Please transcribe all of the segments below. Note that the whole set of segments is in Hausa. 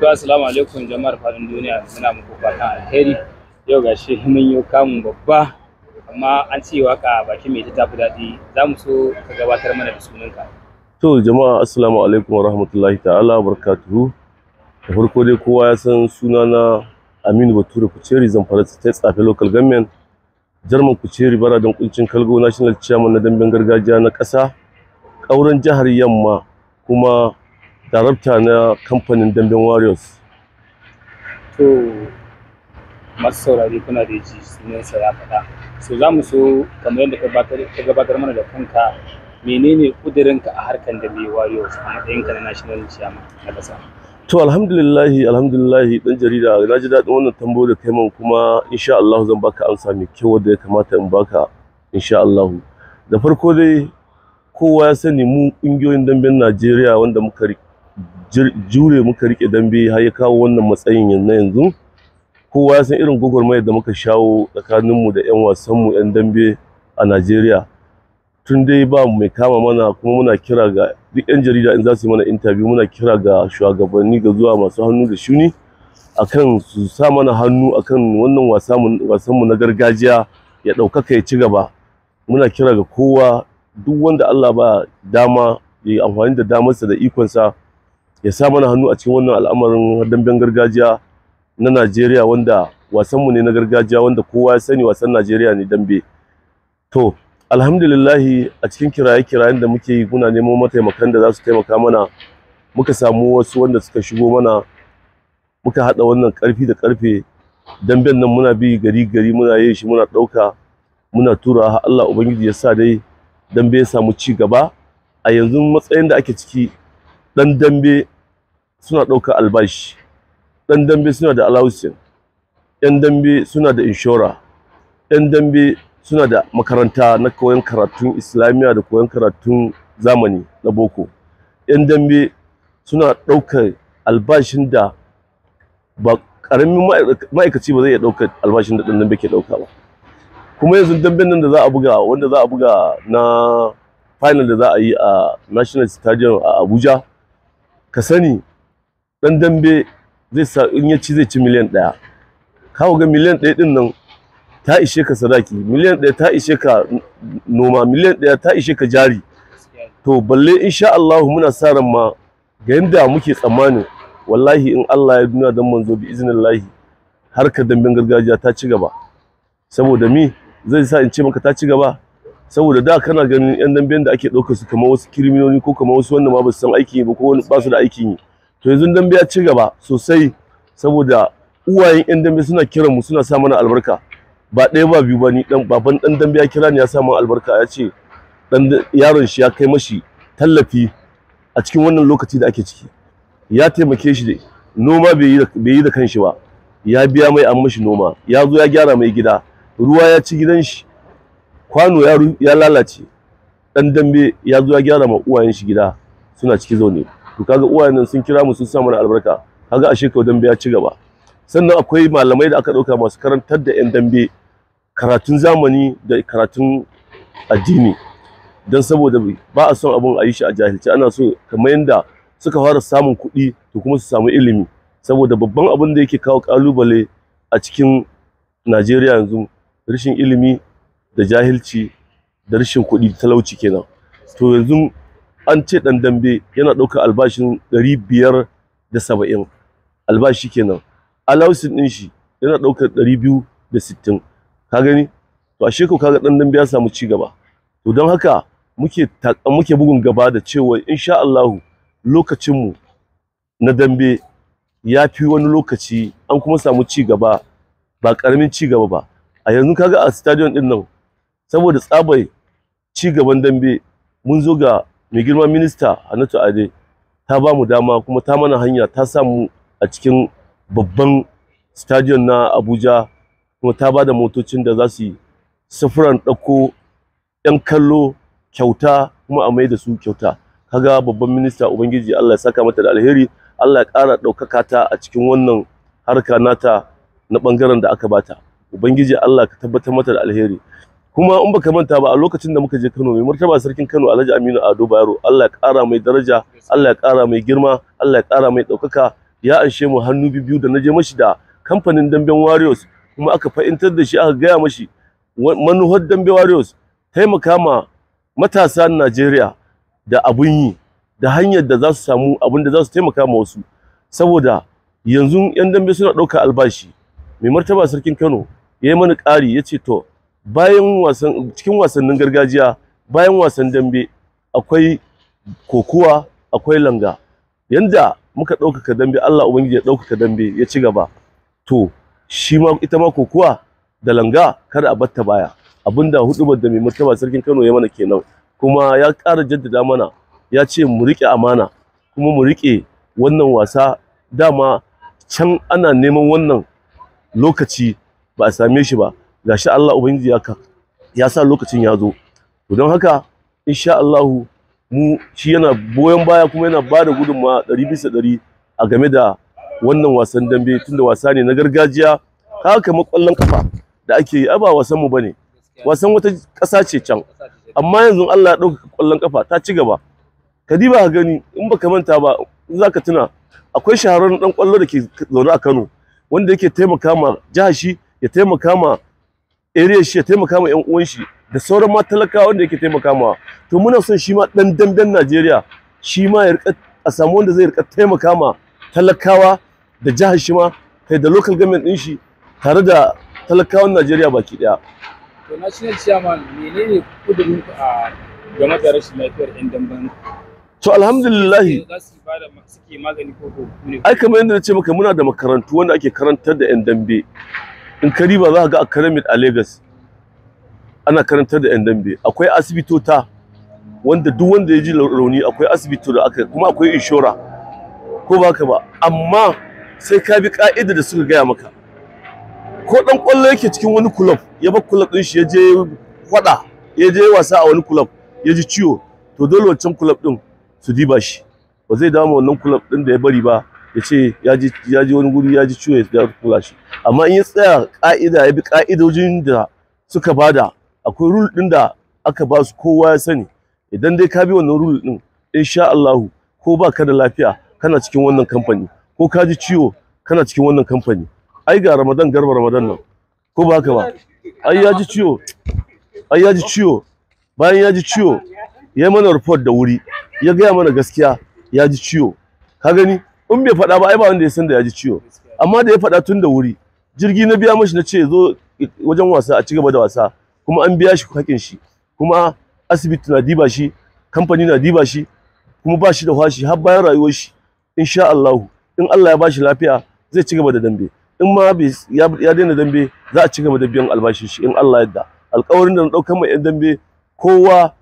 To assalamu alaikum jama'ar faɗin duniya muna muku fatan alheri yau gashi mun yi kamun babba amma an ce waka baki mai ta tafi daɗi za mu so ka gabatar mana da sunanka. To jama'a assalamu alaikum wa rahmatullahi ta'ala wa da farko dai kowa ya san sunana Aminu Bature Kuceri Zamfara State Tsafe Local Government Jarman Kuceri bara don kuncin Kalgo National Chairman na damben gargajiya na ƙasa ƙauren jihar Yamma kuma darabta na kamfanin damben warriors to masu saurari kuna da ji sa ya faɗa so za mu so kamar yadda ka gabatar mana da kanka menene kudirinka a harkan dambe warriors a ka na national chairman na ƙasa to alhamdulillahi alhamdulillahi dan jarida na ji daɗin wannan tambo da kai man kuma insha Allah zan baka amsa mai kyau da ya kamata in baka insha Allah da farko dai kowa ya sani mu ƙungiyoyin damben Najeriya wanda muka jure muka rike dambe har ya kawo wannan matsayin na yanzu kowa ya san irin gwagwarmayar da muka shawo tsakaninmu da 'yan wasanmu 'yan dambe a najeriya tun dai ba mai kama mana kuma muna kira ga duk 'yan jarida in za su yi mana interview muna kira ga shugabanni ga zuwa masu hannu da shuni akan su sa mana hannu akan wannan wasanmu na gargajiya ya ɗaukaka ya ci gaba muna kira ga kowa duk wanda allah ba dama ya amfani da damarsa da ikonsa ya sa mana hannu a cikin wannan al'amarin damben gargajiya na Najeriya wanda wasanmu ne na gargajiya wanda kowa ya sani wasan Najeriya ne dambe. To, alhamdulillahi a cikin kiraye-kirayen da muke yi muna neman mataimakan da za su taimaka mana muka samu wasu wanda suka shigo mana muka haɗa wannan ƙarfi da ƙarfe damben nan muna bi gari gari muna yi shi muna ɗauka muna tura Allah Ubangiji ya sa dai dambe ya samu ci gaba a yanzu matsayin da ake ciki ɗan dambe suna ɗaukar albashi ɗan dambe suna da allowance ‘yan dambe suna da inshora ‘yan dambe suna da makaranta na koyon karatun islamiyya da koyon karatun zamani na boko ‘yan dambe suna ɗaukar albashin da ba ƙaramin ma'aikaci ba zai iya ɗaukar albashin da ɗan dambe ke ɗauka ba kuma yanzu damben nan da za a buga wanda za a buga na final da za a yi a national stadium a abuja ka sani ɗan dambe zai sa in ya ci zai ci miliyan ɗaya ka ga miliyan ɗaya ɗin nan ta ishe ka sadaki miliyan ɗaya ta ishe ka noma miliyan ɗaya ta ishe ka jari to balle insha Allah muna sa ran ma ga yanda muke tsammanin wallahi in Allah ya duna dan manzo bi iznillahi harkar damben gargajiya ta ci gaba saboda mi zai sa in ce maka ta ci gaba saboda da kana ganin yan damben da ake ɗaukar su kamar wasu kirminoni ko kamar wasu wanda ma ba su san aikin yi ba ko wani ba da aikin yi to yanzu dambe ya ci gaba sosai saboda uwayen yan dambe suna kiran mu suna sa mana albarka ba ɗaya ba biyu ba ni dan baban dan dambe ya kira ni ya sa mana albarka ya ce dan yaron shi ya kai mashi tallafi a cikin wannan lokaci da ake ciki ya taimake shi noma bai yi da kanshi ba ya biya mai an mashi noma ya zo ya gyara mai gida ruwa ya ci gidan shi kwano ya ya lalace dan dambe ya zo ya gyara ma uwayen shi gida suna ciki zaune to kaga uwayen nan sun kira mu sun sa mana albarka kaga ashe kawai dambe ya ci gaba sannan akwai malamai da aka dauka masu karantar da yan dambe karatun zamani da karatun addini don saboda ba a son abun a yi shi a jahilci ana so kamar yanda suka fara samun kuɗi to kuma su samu ilimi saboda babban abin da yake kawo kalubale a cikin Najeriya yanzu rashin ilimi da jahilci da rashin kuɗi talauci kenan to yanzu an ce ɗan dambe yana ɗaukar albashin ɗari biyar da saba'in albashi kenan alawusin ɗin shi yana ɗaukar ɗari biyu da sittin ka gani to ashe ko kaga ɗan dambe ya samu ci gaba to don haka muke muke bugun gaba da cewa insha Allahu lokacinmu na dambe ya fi wani lokaci an kuma samu ci gaba ba ƙaramin ci gaba ba a yanzu kaga a stadium ɗin nan saboda tsabai ci gaban dambe mun zo ga mai girma minista Hannatu Ade ta ba mu dama kuma ta mana hanya ta sa mu a cikin babban stadion na Abuja kuma ta ba da motocin da za su yi sufuran ɗauko 'yan kallo kyauta kuma a mai da su kyauta kaga babban minista ubangiji Allah ya saka mata da alheri Allah ya ƙara ɗaukaka ta a cikin wannan harka nata na ɓangaren da aka bata ubangiji Allah ka tabbatar mata da alheri kuma in baka manta ba a lokacin da muka je Kano mai martaba sarkin Kano Alhaji Aminu Ado Bayero Allah ya ƙara mai daraja Allah ya ƙara mai girma Allah ya ƙara mai ɗaukaka ya anshe mu hannu biyu da na je mashi da kamfanin Damben Warriors kuma aka fahimtar da shi aka gaya mashi manuhar dambe Warriors taimaka ma matasan Najeriya da abun yi da hanyar da za su samu abun da za su taimaka ma wasu saboda yanzu 'yan dambe suna ɗauka albashi mai martaba sarkin Kano ya yi mana ƙari ya ce to bayan wasan cikin wasannin gargajiya bayan wasan dambe akwai kokuwa akwai langa yanda muka ɗaukaka dambe Allah ubangiji ya ɗaukaka dambe ya ci gaba to shi ma ita ma kokuwa da langa kada a batta baya abinda hudubar da mai martaba sarkin Kano ya mana kenan kuma ya ƙara jaddada mana ya ce mu riƙe amana kuma mu riƙe wannan wasa dama can ana neman wannan lokaci ba a same shi ba gashi Allah ubangiji ya ya sa lokacin ya zo to don haka insha Allah mu shi yana boyan baya kuma yana ba da gudunmawa ɗari bisa ɗari a game da wannan wasan dambe tunda wasa ne na gargajiya haka makwallon kafa da ake yi ba wasan mu bane wasan wata ƙasa ce can amma yanzu Allah ya ɗauka kwallon kafa ta ci gaba kadiba ka gani in baka manta ba in zaka tuna akwai shahararren dan kwallo da ke zaune a Kano wanda yake taimaka ma jihar shi ya taimaka ma area shi ya taimaka ma ƴan uwan shi da sauran ma talakawa wanda yake taimaka ma to muna son shi ma dan damben Najeriya shi ma ya rika a samu wanda zai rika taimaka ma talakawa da jihar shi ma kai da local government din shi tare da talakawan Najeriya baki daya to national chairman menene kudurin a game da rashin lafiyar yan damben to alhamdulillah ai kamar yadda na ce maka muna da makarantu wanda ake karantar da ƴan dambe in ka riba za ka ga academic a Lagos ana karantar da yan dambe akwai asibitota wanda duk wanda ya ji rauni akwai asibito da aka kuma akwai inshora ko ba ka ba amma sai ka bi ka'ida da suka gaya maka ko dan kwallo yake cikin wani club ya bar club din shi ya je kwada ya je wasa a wani kulob, ya ji ciwo to dole wancan kulob din su diba shi ba zai dawo wannan kulob din da ya bari ba ya ce ya ji wani guri ya ji ciwo ya kula shi amma in ya tsaya ka'ida ya bi ka'idojin da suka bada akwai rule din da aka ba su kowa ya sani idan dai ka bi wannan rule din insha Allah ko ba ka da lafiya kana cikin wannan kamfani ko ka ji ciwo kana cikin wannan kamfani ai ga Ramadan garba Ramadan nan ko ba haka ba ai ya ji ciwo ai ya ji ciwo bayan ya ji ciwo ya mana report da wuri ya gaya mana gaskiya ya ji ciwo ka gani in bai faɗa ba ai ba wanda ya san da ya ji ciwo amma da ya faɗa tun da wuri jirgi na biya mashi na ce zo wajen wasa a cigaba da wasa kuma an biya shi hakin shi kuma asibiti na diba shi kamfani na diba shi kuma ba shi da fashi har bayan rayuwar shi insha Allah in Allah ya ba shi lafiya zai cigaba da dambe in ma ya daina dambe za a cigaba da biyan albashin shi in Allah ya yarda alƙawarin da na ɗaukar mai yan dambe kowa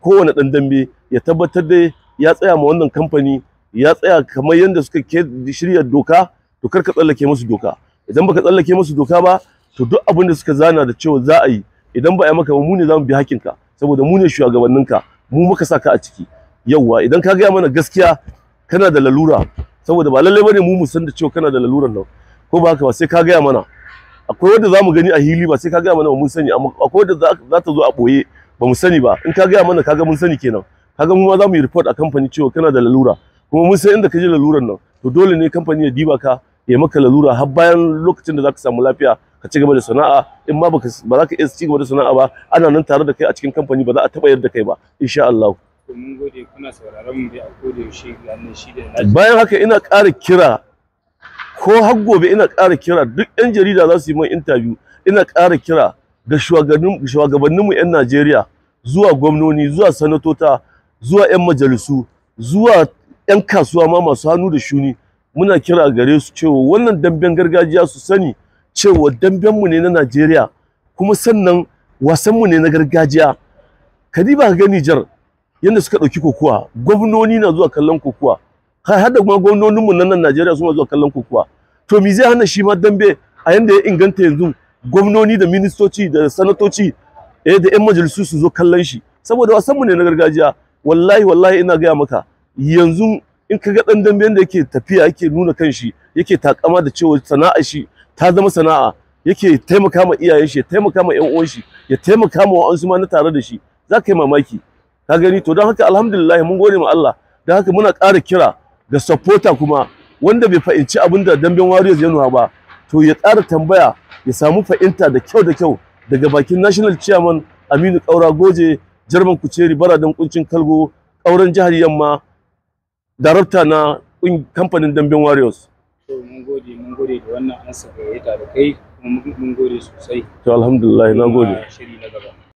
kowane ɗan dambe ya tabbatar da ya tsaya ma wannan kamfani ya tsaya kamar yadda suka shirya doka to kar ka tsallake musu doka idan baka tsallake musu doka ba to duk abin da suka zana da cewa za a yi idan ba a yi maka mu ne za mu bi hakinka saboda mu ne shugabanninka mu muka saka a ciki yawwa idan ka gaya mana gaskiya kana da lalura saboda ba lallai bane mu mu san da cewa kana da laluran nan ko ba haka ba sai ka gaya mana akwai wanda za mu gani a hili ba sai ka gaya mana ba mun sani amma akwai wanda za ta zo a ɓoye ba mu sani ba in ka gaya mana kaga mun sani kenan kaga mu ma za mu yi report a kamfani cewa kana da lalura kuma mun san inda ka je laluran nan to dole ne kamfani ya diba ka ya maka lalura har bayan lokacin da zaka samu lafiya ka ci gaba da sana'a in ma baka ba za ka iya ci gaba da sana'a ba ana nan tare da kai a cikin kamfani ba za a taba yarda kai ba insha Allah mun gode kuna sauraron mu a yaushe nan shi da bayan haka ina ƙara kira ko har gobe ina ƙara kira duk yan jarida za su yi min interview ina ƙara kira ga shugabanninmu 'yan Najeriya zuwa gwamnoni zuwa sanatota zuwa 'yan majalisu zuwa 'yan kasuwa ma masu hannu da shuni muna kira gare su cewa wannan damben gargajiya su sani cewa dambenmu ne na Najeriya kuma sannan wasanmu ne na gargajiya ba ga Nijar yadda suka ɗauki kokuwa gwamnoni na zuwa kallon kokuwa har har da kuma gwamnoninmu na nan Najeriya suna zuwa kallon kokuwa to mi zai hana shi ma dambe a yanda ya inganta yanzu gwamnoni da ministoci da sanatoci eh da 'yan majalisu su zo kallon shi saboda wasanmu ne na gargajiya wallahi wallahi ina gaya maka yanzu in ka ga ɗan dambe da yake tafiya yake nuna kan shi, yake takama da cewa sana'a shi ta zama sana'a yake taimaka ma iyayen shi ya taimaka ma ƴan uwan shi ya taimaka ma wa'ansu ma na tare da shi za ka yi mamaki ka gani to don haka alhamdulillah mun gode ma Allah don haka muna ƙara kira ga supporter kuma wanda bai fahimci abin da damben warriors ya nuna ba to ya ƙara tambaya ya samu fahimta da kyau da kyau daga bakin national chairman Aminu Kaura Goje Jarman Kuceri Baradan Kuncin Kalgo Kauran Jihar Yamma darakta na kamfanin Damben Warriors. To mun gode mun gode da wannan ansa da ya da kai mun gode sosai. To alhamdulillah na gode. Shiri na gaba.